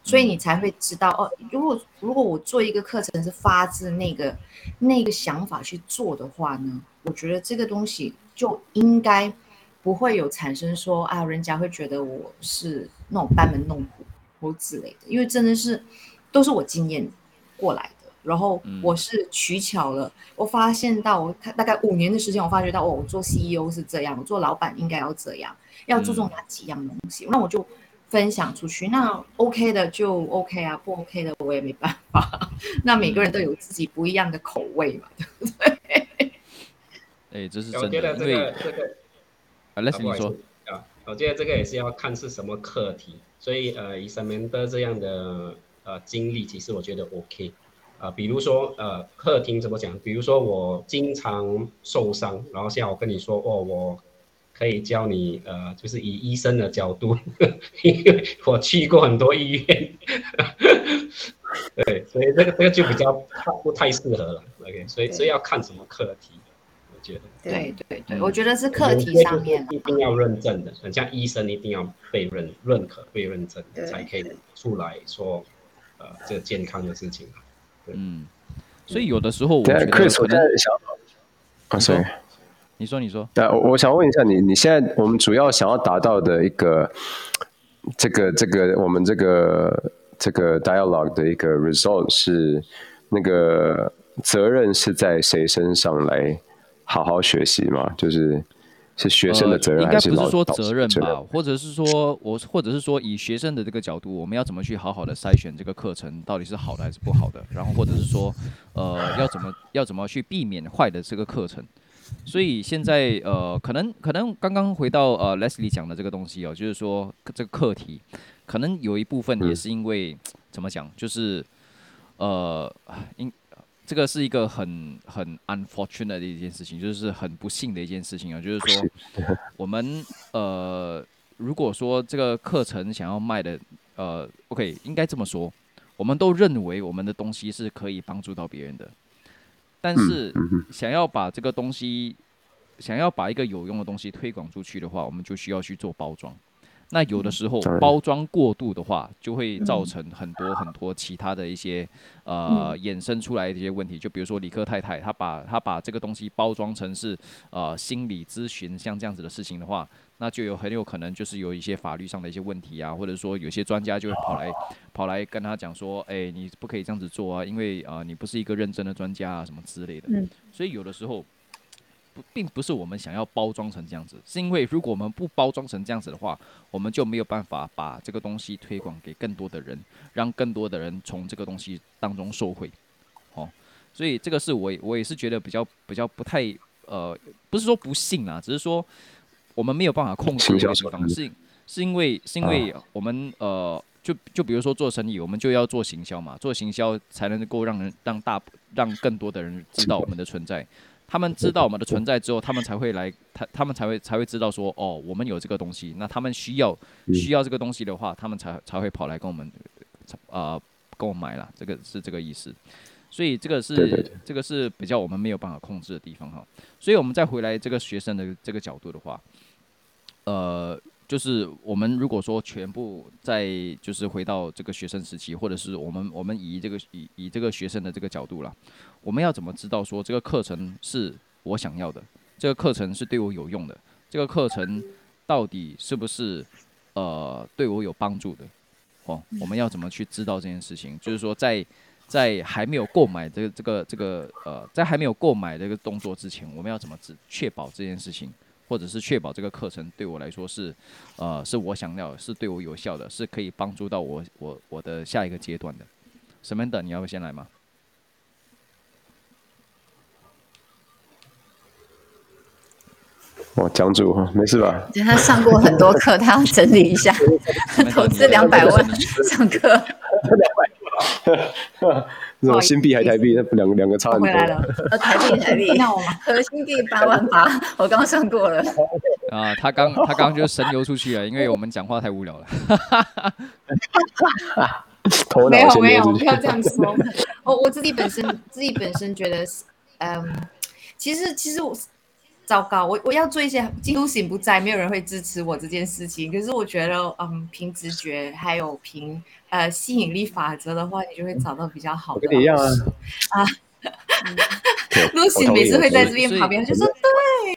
所以你才會知道哦。如果如果我做一個課程是發自那個那個想法去做的話呢？我覺得這個東西。就應該不會有產生說啊，人家會覺得我是那種班門弄斧之類的，因為真的是都是我經驗過來的。然後我是取巧了，嗯、我發現到我大概五年的時間，我發覺到哦，我做 CEO 是這樣，我做老闆應該要這樣，要注重哪幾樣東西。嗯、那我就分享出去，那 OK 的就 OK 啊，不 OK 的我也沒辦法。嗯、 (laughs) 那每個人都有自己不一樣的口味嘛。嗯、 (laughs) 對不對？不哎，這是真的。我覺得這個為、這個、啊，那你說啊，我覺得這個也是要看是什麼課題。所以呃，以醫生們的這樣的呃經歷，其實我覺得 OK、呃。啊，比如說呃，客廳怎麼講？比如說我經常受傷，然後現在我跟你說，哦，我可以教你呃，就是以醫生的角度，呵呵因為我去過很多醫院。呵呵對，所以這個這個就比較不太適合了。OK，所以這要看什麼課題。對對對，嗯、我覺得是課題上面，啊，一定要認證的，人家醫生一定要被認認可被認證，才可以出來說呃這個，健康的事情嗯，所以有的時候我覺得可 yeah, Chris，你說 Okay. 你說，那、yeah, 我，我想問一下你，你現在我們主要想要達到的一個這個這個我們這個這個 dialogue 的一個 result 是那個責任是在誰身上來？好好學習嘛，就是是學生的責任，還是責任吧，呃，應該不是說責任吧，或者是說我，或者是說以學生的這個角度，我們要怎麼去好好的篩選這個課程到底是好的還是不好的？然後或者是說，呃，要怎麼要怎麼去避免壞的這個課程？所以現在呃，可能可能剛剛回到呃，Leslie 講的這個東西哦，就是說這個課題可能有一部分也是因為，嗯，怎麼講，就是呃，應。這個是一個很很 unfortunate 的一件事情，就是很不幸的一件事情啊，就是說，我們呃，如果說這個課程想要賣的呃，OK，應該這麼說，我們都認為我們的東西是可以幫助到別人的，但是想要把這個東西，想要把一個有用的東西推廣出去的話，我們就需要去做包裝。那有的時候包裝過度的話，就會造成很多很多其他的一些呃衍生出來的一些問題。就比如說理科太太，她把她把這個東西包裝成是呃心理諮詢，像這樣子的事情的話，那就有很有可能就是有一些法律上的一些問題啊，或者說有些專家就會跑來跑來跟他講說，哎，你不可以這樣子做啊，因為啊、呃、你不是一個認真的專家啊什麼之類的。嗯，所以有的時候。不，並不是我們想要包裝成這樣子，是因為如果我們不包裝成這樣子的話，我們就沒有辦法把這個東西推廣給更多的人，讓更多的人從這個東西當中受惠，哦，所以這個是我我也是覺得比較比較不太呃，不是說不信啊，只是說我們沒有辦法控制我們的。這個方式。是因為是因為我們、啊、呃，就就比如說做生意，我們就要做行銷嘛，做行銷才能夠讓人讓大讓更多的人知道我們的存在。他們知道我們的存在之後，他們才會來，他他們才會才會知道說，哦，我們有這個東西，那他們需要需要這個東西的話，他們才才會跑來跟我們，啊、呃、購買了，這個是這個意思。所以這個是，對對對，這個是比較我們沒有辦法控制的地方哈。所以我們再回來這個學生的這個角度的話，呃。就是我們如果說全部在，就是回到這個學生時期，或者是我們我們以這個以以這個學生的這個角度了，我們要怎麼知道說這個課程是我想要的？這個課程是對我有用的？這個課程到底是不是呃對我有幫助的？哦，我們要怎麼去知道這件事情？就是說在在還沒有購買這個這個這個呃，在還沒有購買這個動作之前，我們要怎麼確確保這件事情？或者是確保這個課程對我來說是，呃，是我想要是對我有效的，是可以幫助到我我我的下一個階段的。Samantha，你要不先來嗎？哇，講主，沒事吧？他上過很多課， (laughs) 他要整理一下。 (laughs) (laughs) 投資兩百萬上課。 (laughs) 我種 (laughs) 新幣還台幣，那兩兩個差很多啊。回來了，台幣台幣，那我嘛，核心幣八萬八，我剛剛算過了。啊，他剛他剛就神遊出去了，因為我們講話太無聊了。哈 (laughs) (laughs) 沒有沒有，不要這樣子 (laughs) 我我自己本身自己本身覺得，嗯，其實其實我糟糕，我我要做一些幾乎不在，沒有人會支持我這件事情。可是我覺得，嗯，憑直覺還有憑。呃，吸引力法則的話，你就會找到比較好的。跟你一樣啊，啊 Lusin 每次會在這邊旁邊，就說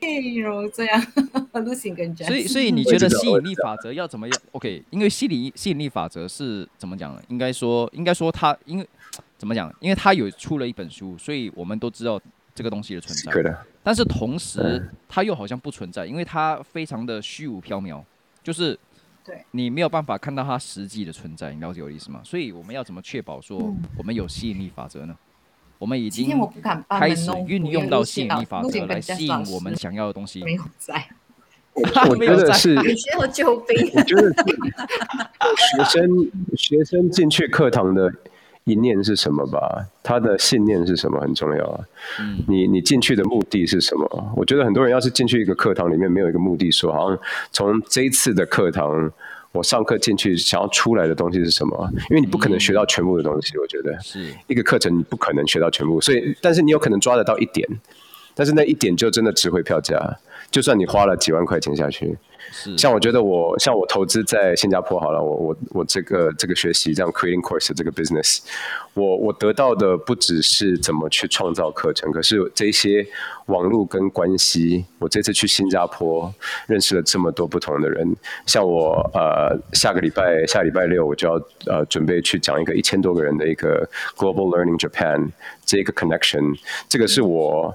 對，然後這樣，Lusin 跟 n 所以，所以你覺得吸引力法則要怎麼樣？OK，因為吸引吸引力法則是怎麼講？應該說，應該說，他因為怎麼講？因為他有出了一本書，所以我們都知道這個東西的存在。但是同時，他又好像不存在，因為他非常的虛無縹緲，就是。對你沒有辦法看到它實際的存在，你了解我的意思嗎？所以我們要怎麼確保說我們有吸引力法則呢？我們已經開始運用到吸引力法則來吸引我們想要的東西。沒有在，我覺得是，我覺得學生學生進去課堂的。意念是什麼吧？他的信念是什麼很重要啊。嗯。你你進去的目的是什麼？我覺得很多人要是進去一個課堂裡面，沒有一個目的說，說好像從這一次的課堂，我上課進去想要出來的東西是什麼？嗯。因為你不可能學到全部的東西，我覺得是一個課程你不可能學到全部，所以但是你有可能抓得到一點，但是那一點就真的值回票價。就算你花了幾萬塊錢下去，像我覺得我，像我投資在新加坡好了，我我我這個這個學習這樣 creating course 的這個 business，我我得到的不只是怎麼去創造課程，可是這些網路跟關係，我這次去新加坡認識了這麼多不同的人，像我呃下個禮拜下禮拜六我就要呃準備去講一個一千多個人的一個 Global Learning Japan 這一個 connection，這個是我。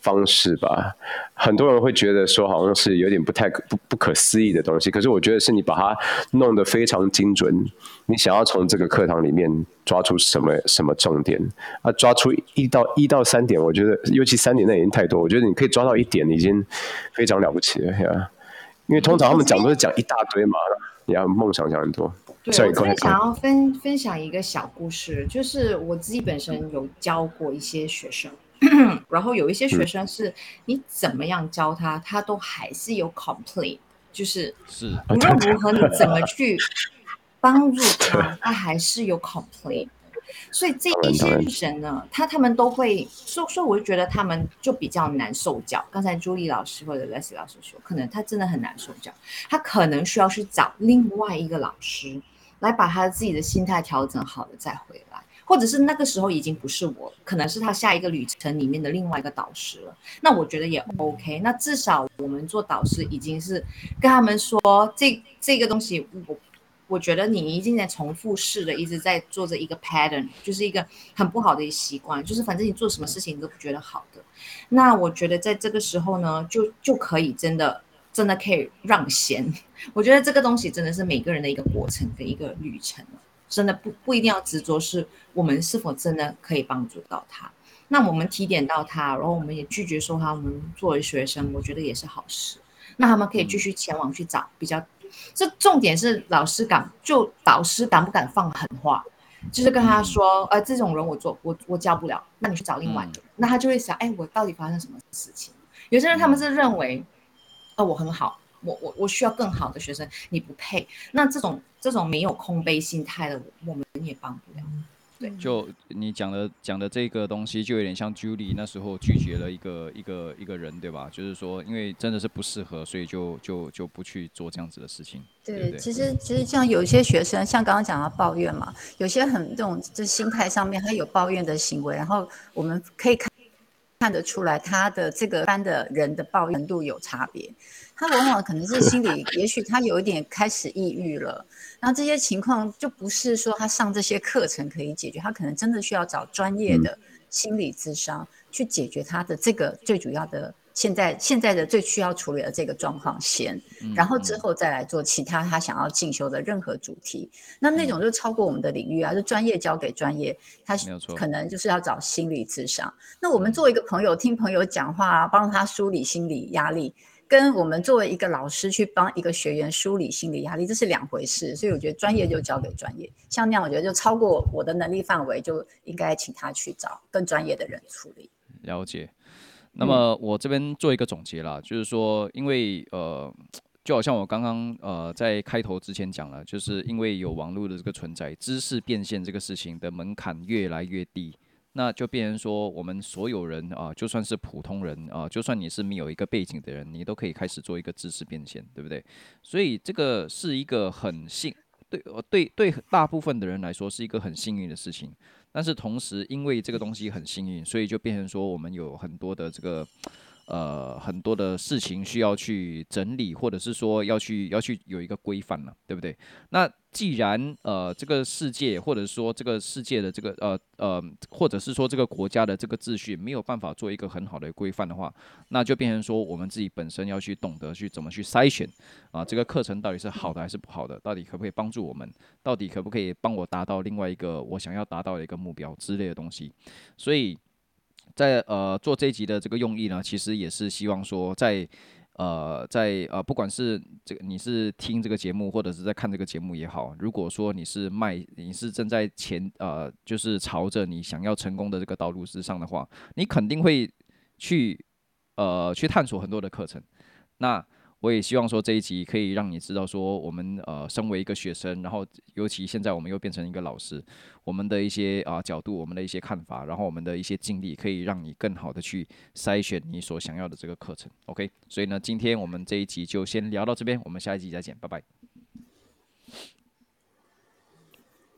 方式吧，很多人會覺得說好像是有點不太可不不可思議的東西，可是我覺得是你把它弄得非常精準。你想要從這個課堂裡面抓出什麼什麼重點，啊，抓出一到一到三點，我覺得尤其三點那已經太多，我覺得你可以抓到一點已經非常了不起了呀。因為通常他們講都是講一大堆嘛，你要對夢想講很多。對，我想要分看分享一個小故事，就是我自己本身有教過一些學生。 (coughs) 然後有一些學生是，你怎麼樣教他，他都還是有 complain，嗯、就是是，無論如何你怎麼去幫助他，他還是有 complain，< 是 S 1> 所以這一些人呢，他他們都會，所以我就覺得他們就比較難受教。剛才朱莉老師或者 Lusin 老師說，可能他真的很難受教，他可能需要去找另外一個老師來把他自己的心態調整好了再回來。或者是那個時候已經不是我，可能是他下一個旅程裡面的另外一個導師了。那我覺得也 OK、嗯。那至少我們做導師已經是跟他們說，這這個東西，我我覺得你一定在重複式的，一直在做着一個 pattern，就是一個很不好的一習慣，就是反正你做什麼事情都不覺得好的。那我覺得在這個時候呢，就就可以真的真的可以讓賢。我覺得這個東西真的是每個人的一個過程跟一個旅程。真的不不一定要執着是我們是否真的可以幫助到他？那我們提點到他，然後我們也拒絕說他，我們作為學生，我覺得也是好事。那他們可以繼續前往去找比較。這重點是老師敢就導師敢不敢放狠話，就是跟他說，呃，這種人我做我我教不了，那你去找另外一個人。嗯。那他就會想，哎，我到底發生什麼事情？有些人他們是認為，呃，我很好。我我我需要更好的學生，你不配。那這種這種沒有空杯心態的，我們也幫不了。對，就你講的講的這個東西，就有點像 Julie 那時候拒絕了一個一個一個人，對吧？就是說，因為真的是不適合，所以就就就不去做這樣子的事情。對，對對對其實其實像有些學生，像剛剛講到抱怨嘛，有些很這種這心態上面，他有抱怨的行為，然後我們可以看看得出來，他的這個班的人的抱怨程度有差別。他往往可能是心理，也許他有一點開始抑鬱了， (laughs) 然後這些情況就不是說他上這些課程可以解決，他可能真的需要找專業的心理諮商去解決他的這個最主要的現在現在的最需要處理的這個狀況先，然後之後再來做其他他想要進修的任何主題，嗯，那那種就超過我們的領域啊，就專業交給專業，他可能就是要找心理諮商。那我們作為一個朋友，聽朋友講話，啊，幫他梳理心理壓力。跟我們作為一個老師去幫一個學員梳理心理壓力，這是兩回事，所以我覺得專業就交給專業。像那樣，我覺得就超過我的能力範圍，就應該請他去找更專業的人處理。了解。那麼我這邊做一個總結啦，嗯、就是說，因為呃，就好像我剛剛呃在開頭之前講了，就是因為有網絡的這個存在，知識變現這個事情的門檻越來越低。那就變成說，我們所有人啊，就算是普通人啊，就算你是沒有一個背景的人，你都可以開始做一個知識變現，對不對？所以這個是一個很幸，對對對，大部分的人來說是一個很幸運的事情。但是同時，因為這個東西很幸運，所以就變成說，我們有很多的這個呃很多的事情需要去整理，或者是說要去要去有一個規範了，對不對？那，既然呃這個世界或者說這個世界的這個呃呃或者是說這個國家的這個秩序沒有辦法做一個很好的規範的話，那就變成說我們自己本身要去懂得去怎麼去篩選啊，呃，這個課程到底是好的還是不好的，到底可不可以幫助我們，到底可不可以幫我達到另外一個我想要達到的一個目標之類的東西。所以在呃做這一集的這個用意呢，其實也是希望說在。呃，在呃，不管是這個你是聽這個節目，或者是在看這個節目也好，如果說你是賣，你是正在前呃，就是朝着你想要成功的這個道路之上的話，你肯定會去呃去探索很多的課程，那。我也希望說這一集可以讓你知道說我們呃身為一個學生，然後尤其現在我們又變成一個老師，我們的一些啊、呃、角度，我們的一些看法，然後我們的一些經歷，可以讓你更好的去篩選你所想要的這個課程。OK，所以呢，今天我們這一集就先聊到這邊，我們下一集再見，拜拜。